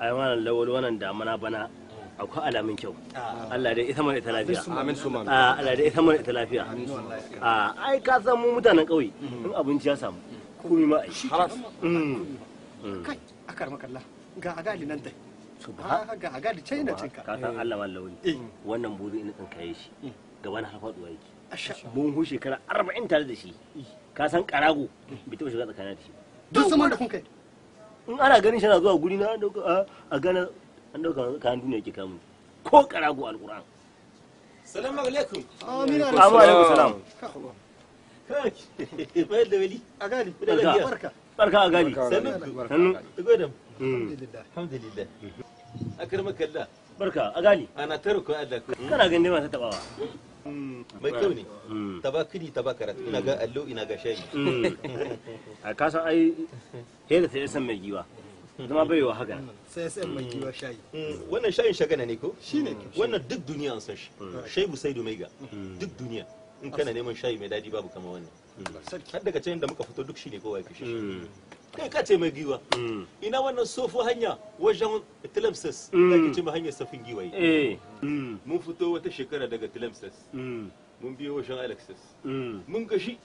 ai wannan lawal wannan damana bana akwai alamin kyau ah. Allah dai ita mana ita lafiya amin su ah, Allah dai ita mana ita lafiya a ah, ai ka san mu mutanen kauye mhm. in abinci ya samu komai ma ai halas mm. mm. kai akar makalla ga agali nan dai ga agali ce na cinka ka san Allah eh. wannan lawal wannan buri ina kan kaye shi eh. gaban hafaduwa yake mun hu shekara 40 tare da shi eh. ka san karago bai taɓa shiga tsakanin da shi duk zaman da kun kai in ana ganin shi na zuwa guri na a gana an dauka kayan duniya ke kamun ko karago alquran salamu alaikum amin alaikum salam bai da wali a gani barka barka a gani sannu godam alhamdulillah alhamdulillah akramaka allah barka a gani ana tarko allah kana ganin ma ta tabawa Mm. mai kyau ne mm. ta ba kini ta ba karatu ina ga allo ina ga shayi mm. a kasan ai he da sai san mai giwa zama bai wa haka sai sai mai giwa shayi wannan shayin shagana ne ko shi ne wannan duk duniya an san shi shayi bu sai ga duk duniya in kana neman shayi mai dadi babu kama wannan har daga can da muka fito duk shi ne kowa ya fi shi kai ka ce mai giwa mm. ina wannan sofo hanya wajen tilamsas da mm. ke hanyar safin giwaye eh. mm. mun fito wata shekara daga tilamsas mun biyo wajen alexis mun gashi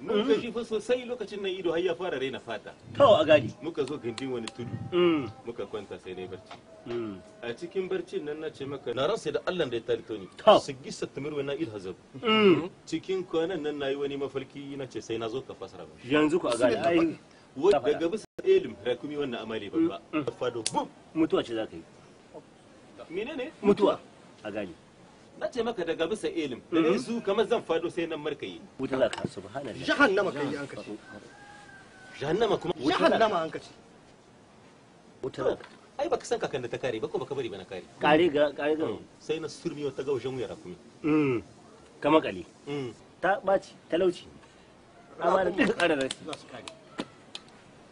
mun gashi fa sosai lokacin nan ido har ya fara raina fata kawo a gadi muka zo gindin wani tudu muka kwanta sai dai barci a cikin barcin nan na ce maka na rasa da Allah da ya talito ni su gisa tumir wani il hazab cikin kwanan nan na yi wani mafarki na ce sai na zo ka fasara yanzu ku a gadi daga bisa elim rakumi wannan amali babba mm, mm. fado bum mutuwa ce zaka yi menene mutuwa a gani na ce maka daga bisa elim mm-hmm. da su kamar zan fado sai nan markayi wuta za ka subhanallah jahannama kai an kace jahannama kuma jahannama an kace wuta za ka ai baka san kakan da ta kare ba ko baka bari ba na kare kare ga kare ga mm. sai na surmi ta ga wajen wuyar rakumi kama kali ta baci talauci amma da duka ƙararraki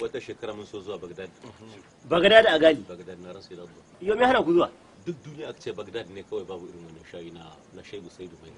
wata shekara mun so zuwa bagdad bagdad a gali bagdad na ransa da yau mai hana ku zuwa duk duniya aka ce bagdad ne kawai babu irin wannan shayi na na shaibu sai dubai